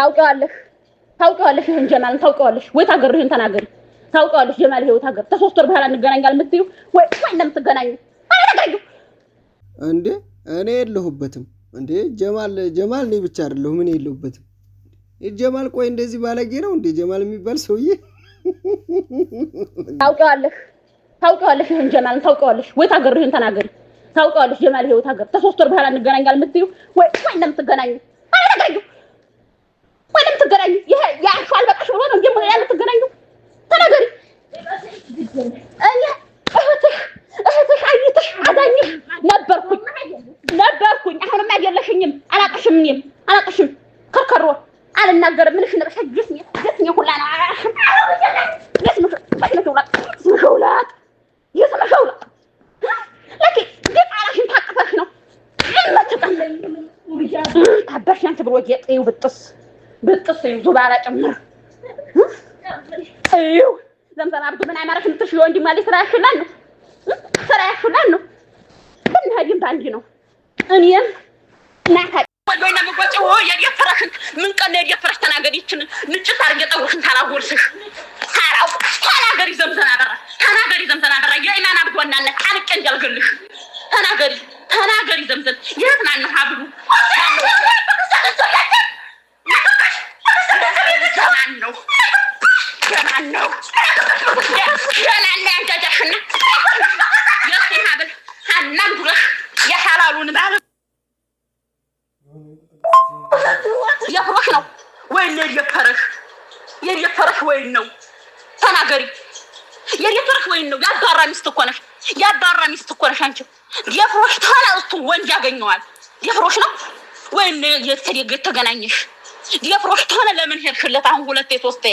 ታውቀዋለህ ታውቂዋለሽ ይሄን ጀማልን ታውቂዋለሽ? ወይ ታገርሽን ተናገሪ። ታውቂዋለሽ ጀማል ህይወት ሀገር ተሶስት ወር በኋላ እንገናኛለን የምትዩ ወይ ወይ እንደምትገናኙ እንዴ እኔ የለሁበትም እንዴ ጀማል ጀማል እኔ ብቻ አይደለሁም እኔ የለሁበትም። ጀማል ቆይ እንደዚህ ባለጌ ነው እንዴ ጀማል የሚባል ሰውዬ? ታውቀዋለህ ታውቂዋለሽ ይሄን ጀማልን ታውቂዋለሽ? ወይ ታገርሽን ተናገሪ። ታውቂዋለሽ ጀማል ህይወት ሀገር ተሶስት ወር በኋላ እንገናኛለን የምትዩ ወይ ወይ እንደምትገናኙ የምትገናኙ? ይሄ የአርሾ አልበቃሽ ብሎ ነው እንጂ የምትገናኙ? ተናገሪ። እኔ እህትሽ እህትሽ አይተሽ አዳኝሽ ነበርኩኝ ነበርኩኝ። አሁንም አይደለሽኝም። አላቅሽም፣ እኔም አላቅሽም። ከርከሮ አልናገርም። ምንሽ ነብሽ ጅስኝ ጅስኝ ሁላ ነው ስምሸውላት የስምሸውላት ለኪ ጌጥ አላሽን ታቅፈሽ ነው ይመችቃል ታበሽ ያንቺ ብሎ ጌጥ ይው ብጥስ ብጥስ እዩ ዙባራ ጭምር እዩ ዘንበባ ብዱ ምን አይማረክም ብጥሽ የወንድ ማለት ስራ ያሽላል ነው ስራ ያሽላል ነው ግን ሀዲም ባንዲ ነው እኔም ናካ ወይና ምቆጭ ወይ የደፈረሽን ምን ቀን የደፈረሽ? ተናገሪ። ይችን ልጭት አድርጌ ጠጉርሽን ታላጎልስሽ ታራውቅሽ ተናገሪ። ዘምዘና በራ ተናገሪ። ዘምዘና በራ የኢማን አብዱ ወናለ ቃልቄ እንዳልገልሽ ተናገሪ። ተናገሪ። ዘምዘን የት ናን ነው አብዱ ለማን ነው የፍሮሽ ነው ወይ ወይን ነው ተናገሪ። ወይን ነው። የአባራ ሚስት እኮ ነሽ። ሚስት እኮ ነሽ ሚስት እኮ ነሽ አንቺ የፍሮሽ ወንድ ያገኘዋል። የፍሮሽ ነው የተገናኘሽ የፍሮሽት ሆነ ለምን ሄድሽለት? አሁን ሁለት ቤት ወስጤ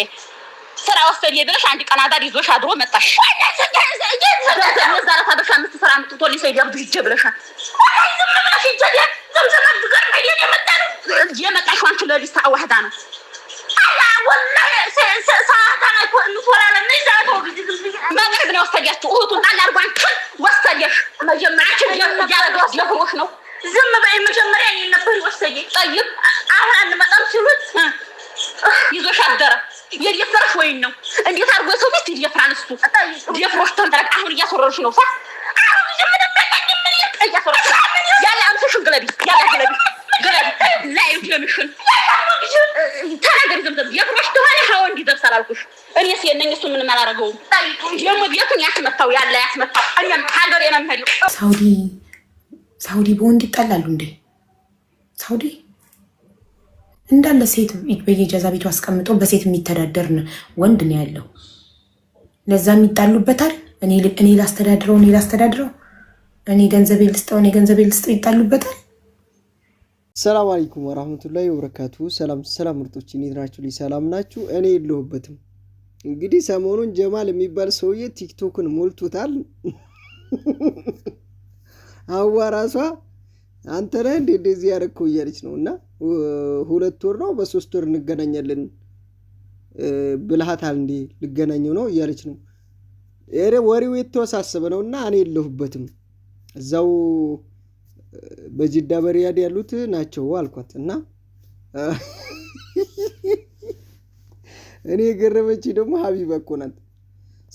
ስራ ወሰድ ብለሽ አንድ ቀን አዳር ይዞሽ አድሮ መጣሽ። ዛራት አበሻ የምትሰራ ምትቶ ሊሰ ይደብዱ ሂጄ ብለሻል። የመጣሽ አንቺ ለሊት ሰዓት ዋህዳ ነው መቅረብ ነው የወሰዳችሁ። እህቱን ጣል አድርጎ አንቺን ወሰደሽ። መጀመሪያ ያደረገ ለፍሮሽ ነው። ዝም በይ። መጀመሪያ ነበር ወሰደ ጠይቅ ፊት እየፈራሽ ወይን ነው? እንዴት አድርጎ የሰው ቤት እየፈራን እሱ ደፍሮሽ ተንጠረቅ። አሁን እያስወረርሽ ነው ሳ ያለ አምሰሽን ግለቢ፣ ያለ ግለቢ፣ ግለቢ ላይ ደምሽን ተናገሪ። ዘምዘም የፍሮሽ ተሆነ ሀወ እንዲዘብስ አላልኩሽ እኔ ሴት እሱ ምንም አላረገውም። ደግሞ ቤቱን ያስመታው ያለ ያስመታው። እኔም ሀገር የመምሄድ ሳውዲ ሳውዲ በወንድ ይጣላሉ እንዴ ሳውዲ እንዳለ ሴት በየጃዛ ቤቱ አስቀምጦ በሴት የሚተዳደር ወንድ ነው ያለው። ለዛ ይጣሉበታል። እኔ ላስተዳድረው፣ እኔ ላስተዳድረው፣ እኔ ገንዘቤ ልስጠው፣ እኔ ገንዘቤ ልስጠው፣ ይጣሉበታል። ሰላም አለይኩም ወራህመቱላሂ ወበረካቱ። ሰላም ሰላም፣ ምርጦች እንዴት ናችሁ? ሰላም ናችሁ? እኔ የለሁበትም። እንግዲህ ሰሞኑን ጀማል የሚባል ሰውዬ ቲክቶክን ሞልቶታል። አዋ ራሷ አንተ ነህ እንደ እንደዚህ ያደረግከው እያለች ነው እና ሁለት ወር ነው በሶስት ወር እንገናኛለን ብልሃታል እንዲ ልገናኘው ነው እያለች ነው። ወሬው የተወሳሰበ ነው እና እኔ የለሁበትም እዛው በጅዳ በሪያድ ያሉት ናቸው አልኳት እና እኔ የገረመች ደግሞ ሀቢባ እኮ ናት።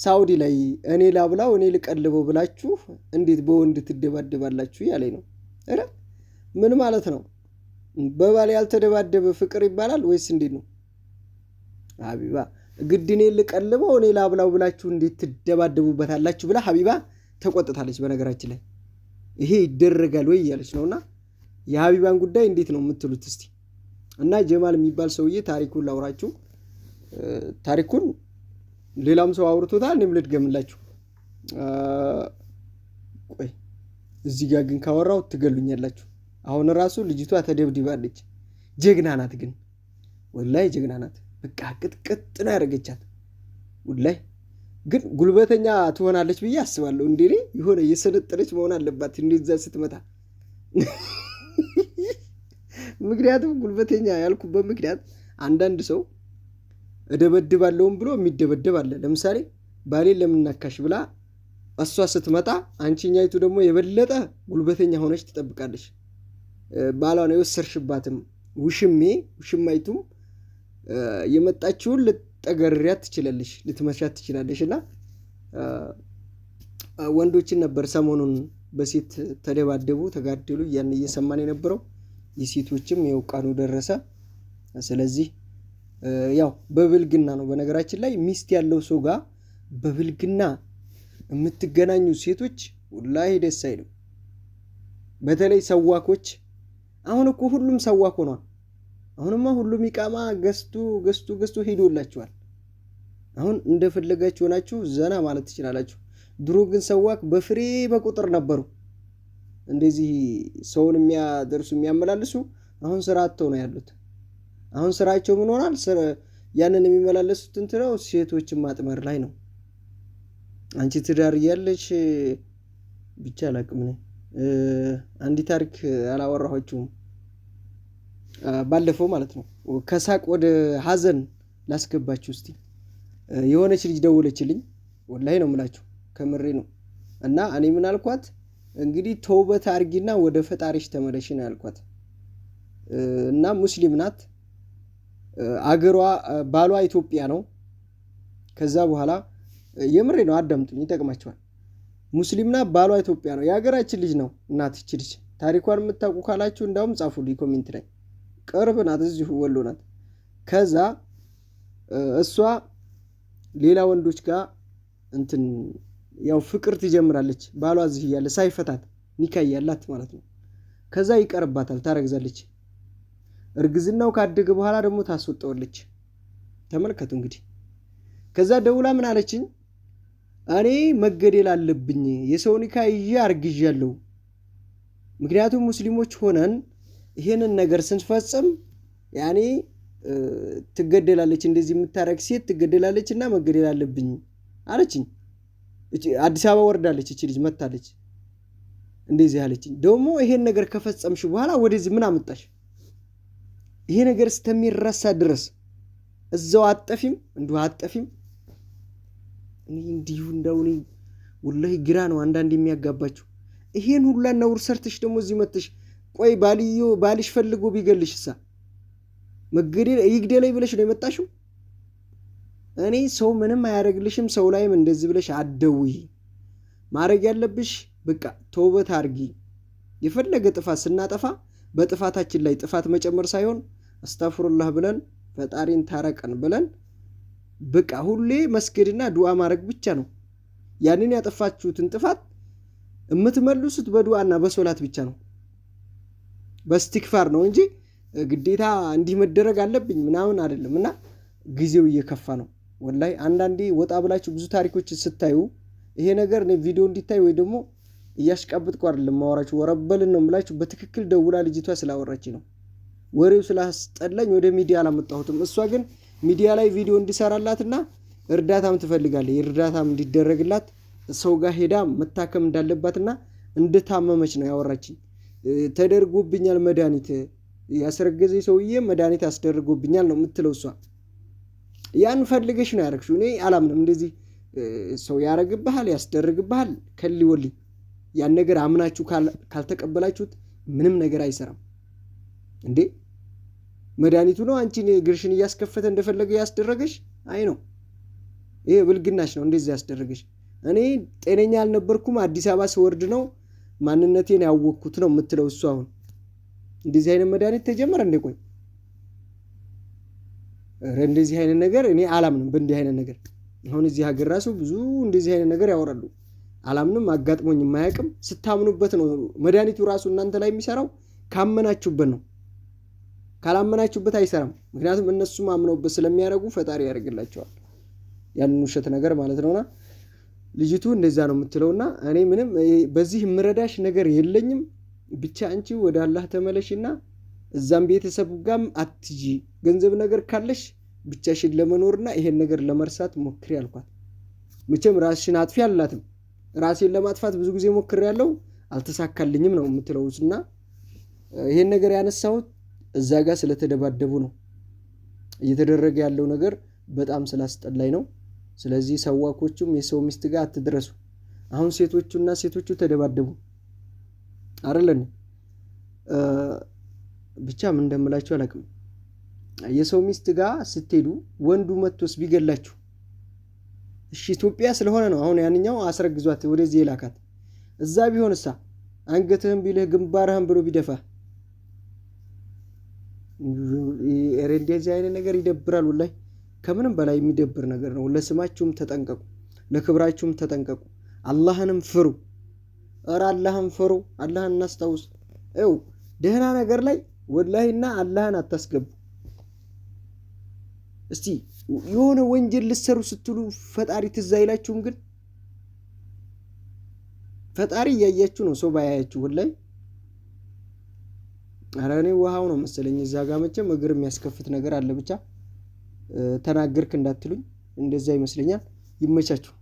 ሳውዲ ላይ እኔ ላብላው እኔ ልቀልበው ብላችሁ እንዴት በወንድ ትደባደባላችሁ? ያለኝ ነው። ምን ማለት ነው? በባል ያልተደባደበ ፍቅር ይባላል ወይስ እንዴት ነው? ሀቢባ ግድ እኔ ልቀልበው እኔ ላብላው ብላችሁ እንዴት ትደባደቡበታላችሁ ብላ ሀቢባ ተቆጥታለች። በነገራችን ላይ ይሄ ይደረጋል ወይ እያለች ነው። እና የሀቢባን ጉዳይ እንዴት ነው የምትሉት እስቲ? እና ጀማል የሚባል ሰውዬ ታሪኩን ላውራችሁ። ታሪኩን ሌላም ሰው አውርቶታል፣ እኔም ልድገምላችሁ። ቆይ እዚህ ጋር ግን ካወራው ትገሉኛላችሁ። አሁን ራሱ ልጅቷ ተደብድባለች። ጀግና ናት ግን ወላይ ጀግና ናት። በቃ ቅጥቅጥ ነው ያደረገቻት። ወላይ ግን ጉልበተኛ ትሆናለች ብዬ አስባለሁ። እንዴ የሆነ የሰለጠነች መሆን አለባት እንደዛ ስትመታ። ምክንያቱም ጉልበተኛ ያልኩበት ምክንያት አንዳንድ ሰው እደበድባለሁም ብሎ የሚደበደብ አለ። ለምሳሌ ባሌን ለምናካሽ ብላ እሷ ስትመጣ፣ አንቺኛይቱ ደግሞ የበለጠ ጉልበተኛ ሆነች ትጠብቃለች። ባሏን የወሰርሽባትም ውሽሜ ውሽማይቱም የመጣችውን ልትጠገሪያት ትችላለሽ፣ ልትመሻት ትችላለሽ። እና ወንዶችን ነበር ሰሞኑን በሴት ተደባደቡ፣ ተጋደሉ እያን እየሰማን የነበረው የሴቶችም ይኸው ደረሰ። ስለዚህ ያው በብልግና ነው። በነገራችን ላይ ሚስት ያለው ሰው ጋር በብልግና የምትገናኙ ሴቶች ላይ ደስ አይልም። በተለይ ሰዋኮች አሁን እኮ ሁሉም ሰዋ ሆኗል። አሁንማ ሁሉም ይቃማ ገስቱ ገስቱ ገስቱ ሄዶላችኋል። አሁን እንደፈለጋችሁ ሆናችሁ ዘና ማለት ትችላላችሁ። ድሮ ግን ሰዋክ በፍሬ በቁጥር ነበሩ እንደዚህ ሰውን የሚያደርሱ የሚያመላልሱ። አሁን ስራ አጥተው ነው ያሉት። አሁን ስራቸው ምን ሆናል? ያንን የሚመላለሱት እንትነው ሴቶችን ማጥመር ላይ ነው። አንቺ ትዳር እያለች ብቻ አላቅም። አንዲት ታሪክ አላወራኋችሁም። ባለፈው ማለት ነው ከሳቅ ወደ ሀዘን ላስገባችሁ እስቲ። የሆነች ልጅ ደወለችልኝ። ወላሂ ነው የምላችሁ፣ ከምሬ ነው። እና እኔ ምን አልኳት እንግዲህ ተውበት አርጊና ወደ ፈጣሪሽ ተመለሽ ነው ያልኳት። እና ሙስሊም ናት። አገሯ ባሏ ኢትዮጵያ ነው። ከዛ በኋላ የምሬ ነው፣ አዳምጡኝ፣ ይጠቅማቸዋል። ሙስሊም ናት፣ ባሏ ኢትዮጵያ ነው። የሀገራችን ልጅ ነው። እናትች ልጅ ታሪኳን የምታውቁ ካላችሁ እንዳውም ጻፉልኝ ኮሜንት ላይ ቅርብ ናት፣ እዚሁ ወሎ ናት። ከዛ እሷ ሌላ ወንዶች ጋር እንትን ያው ፍቅር ትጀምራለች። ባሏ እዚህ እያለ ሳይፈታት ኒካ እያላት ማለት ነው። ከዛ ይቀርባታል፣ ታረግዛለች። እርግዝናው ካደገ በኋላ ደግሞ ታስወጣዋለች። ተመልከቱ እንግዲህ። ከዛ ደውላ ምን አለችኝ? እኔ መገደል አለብኝ የሰው ኒካ ይዤ አርግዣለሁ። ምክንያቱም ሙስሊሞች ሆነን ይህንን ነገር ስንፈጽም ያኔ ትገደላለች፣ እንደዚህ የምታረግ ሴት ትገደላለች እና መገደል አለብኝ አለችኝ። አዲስ አበባ ወርዳለች እች ልጅ መታለች። እንደዚህ አለችኝ። ደግሞ ይሄን ነገር ከፈጸምሽ በኋላ ወደዚህ ምን አመጣሽ? ይሄ ነገር እስከሚረሳ ድረስ እዛው አጠፊም እንዲሁ አጠፊም። እንዲሁ እንደው ወላሂ ግራ ነው አንዳንድ የሚያጋባቸው። ይሄን ሁላ ነውር ሰርተሽ ደግሞ እዚህ መጥተሽ ቆይ ባልዮ ባልሽ ፈልጎ ቢገልሽ እሳ መገደል ይግደለኝ ብለሽ ነው የመጣሽው? እኔ ሰው ምንም አያደርግልሽም። ሰው ላይም እንደዚህ ብለሽ አደውይ። ማድረግ ያለብሽ በቃ ተውበት አርጊ። የፈለገ ጥፋት ስናጠፋ በጥፋታችን ላይ ጥፋት መጨመር ሳይሆን አስታፍሩላህ ብለን ፈጣሪን ታረቀን ብለን በቃ ሁሌ መስገድና ዱዓ ማድረግ ብቻ ነው። ያንን ያጠፋችሁትን ጥፋት የምትመልሱት በዱዓና በሶላት ብቻ ነው። በስቲክፋር ነው እንጂ ግዴታ እንዲህ መደረግ አለብኝ ምናምን አይደለም። እና ጊዜው እየከፋ ነው። ወላይ። አንዳንዴ ወጣ ብላችሁ ብዙ ታሪኮች ስታዩ ይሄ ነገር ቪዲዮ እንዲታይ ወይ ደግሞ እያሽቃበጥኩ አይደለም ማወራችሁ ወረበልን ነው ምላችሁ። በትክክል ደውላ ልጅቷ ስላወራች ነው ወሬው ስላስጠላኝ ወደ ሚዲያ አላመጣሁትም። እሷ ግን ሚዲያ ላይ ቪዲዮ እንዲሰራላትና እርዳታም ትፈልጋለች። እርዳታም እንዲደረግላት ሰው ጋር ሄዳ መታከም እንዳለባትና እንደታመመች ነው ያወራችኝ። ተደርጎብኛል መድኃኒት ያስረገዘ ሰውዬ መድኃኒት አስደርጎብኛል ነው የምትለው እሷ። ያን ፈልገሽ ነው ያደረግሽው። እኔ አላምንም። እንደዚህ ሰው ያደረግብሃል፣ ያስደርግብሃል ከሊ ወሊ። ያን ነገር አምናችሁ ካልተቀበላችሁት ምንም ነገር አይሰራም። እንዴ መድኃኒቱ ነው አንቺን ግርሽን እያስከፈተ እንደፈለገ ያስደረገሽ? አይ ነው ይሄ ብልግናሽ ነው እንደዚህ ያስደረገሽ። እኔ ጤነኛ አልነበርኩም አዲስ አበባ ስወርድ ነው ማንነቴን ያወቅኩት ነው የምትለው እሱ አሁን እንደዚህ አይነት መድኃኒት ተጀመረ እንዴ? ቆይ እንደዚህ አይነት ነገር እኔ አላምንም። በእንዲህ አይነት ነገር አሁን እዚህ ሀገር ራሱ ብዙ እንደዚህ አይነት ነገር ያወራሉ። አላምንም፣ አጋጥሞኝ የማያውቅም። ስታምኑበት ነው መድኃኒቱ ራሱ እናንተ ላይ የሚሰራው። ካመናችሁበት ነው፣ ካላመናችሁበት አይሰራም። ምክንያቱም እነሱም አምነውበት ስለሚያደርጉ ፈጣሪ ያደርግላቸዋል ያንን ውሸት ነገር ማለት ነውና ልጅቱ እንደዛ ነው የምትለው እና እኔ ምንም በዚህ የምረዳሽ ነገር የለኝም ብቻ አንቺ ወደ አላህ ተመለሽና እዛም ቤተሰብ ጋም አትጂ ገንዘብ ነገር ካለሽ ብቻሽን ለመኖርና ይሄን ነገር ለመርሳት ሞክሪ አልኳት። መቼም ራስሽን አጥፊ አላትም። ራሴን ለማጥፋት ብዙ ጊዜ ሞክሬ ያለው አልተሳካልኝም ነው የምትለው እና ይሄን ነገር ያነሳሁት እዛ ጋር ስለተደባደቡ ነው። እየተደረገ ያለው ነገር በጣም ስላስጠላኝ ነው። ስለዚህ ሰዋኮቹም የሰው ሚስት ጋር አትድረሱ። አሁን ሴቶቹና ሴቶቹ ተደባደቡ አይደለን? ብቻ ምን እንደምላችሁ አላቅም የሰው ሚስት ጋር ስትሄዱ ወንዱ መጥቶስ ቢገላችሁ? እሺ ኢትዮጵያ ስለሆነ ነው። አሁን ያንኛው አስረግዟት ወደዚህ የላካት እዛ ቢሆንሳ አንገትህን ቢልህ ግንባርህን ብሎ ቢደፋ ኧረ እንደዚህ አይነት ነገር ይደብራል ወላሂ። ከምንም በላይ የሚደብር ነገር ነው። ለስማችሁም ተጠንቀቁ፣ ለክብራችሁም ተጠንቀቁ። አላህንም ፍሩ። እረ አላህን ፍሩ። አላህን እናስታውስ። ው ደህና ነገር ላይ ወላሂና አላህን አታስገቡ። እስቲ የሆነ ወንጀል ልሰሩ ስትሉ ፈጣሪ ትዝ አይላችሁም? ግን ፈጣሪ እያያችሁ ነው፣ ሰው ባያያችሁ ወላሂ። ኧረ እኔ ውሃው ነው መሰለኝ እዛ ጋ መቼም እግር የሚያስከፍት ነገር አለ ብቻ ተናገርክ እንዳትሉኝ። እንደዛ ይመስለኛል። ይመቻችሁ።